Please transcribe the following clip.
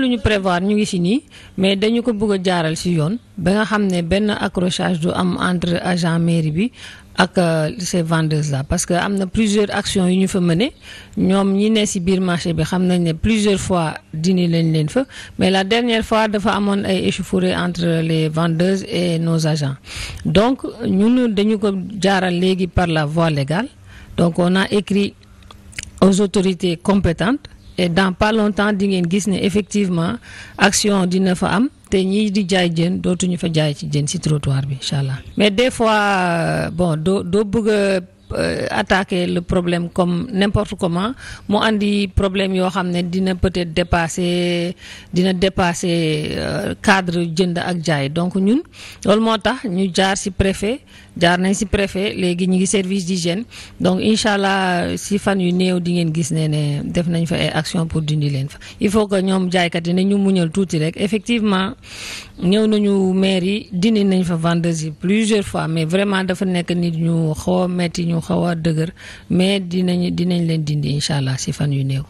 lu ñu prévoir ñu ngi si nii mais dañu ko bëgg jaaral si yoon ba nga xam ne benn accrochage du am entre agent mairie bi ak euh, ces vendeuses la parce que am na plusieurs actions yu ñu fa mëne ñoom ñi ne si biir marché bi xam nañ ne plusieurs fois dini lañ leen fa mais la dernière fois dafa amoon ay échauffourées entre les vendeuses et nos agents donc ñun dañu ko jaaral léegi par la voie légale donc on écrit aux autorités compétentes et dans pas longtemps di ngeen gis ne effectivement action dina fa am te ñii di jaay jën dootuñu fa jaay ci jën ci trottoir bi incha allah mais des fois euh, bon doo doo bëgg euh, attaquer le problème comme n'importe comment mu andi problème yoo xam ne dina peut-être dépasser dina dépasser euh, cadre jënd ak jaay donc ñun loolu moo tax ñu jaar si préfet jaar nañ si préfet léegi ñu ngi service d'hygiène donc incha allah ci fan yu néew di ngeen gis ne ne def nañ fa ay action pour dindi leen fa il faut que ñoom jaaykat yi ne ñu muñal tuuti rek effectivement ñëw nañu maire yi dindi nañ fa vendeuse yi plusieurs fois mais vraiment dafa nekk nit ñu xaw a metti ñu xaw dëgër mais dinañ dinañ leen dindi incha allah si fan yu néew.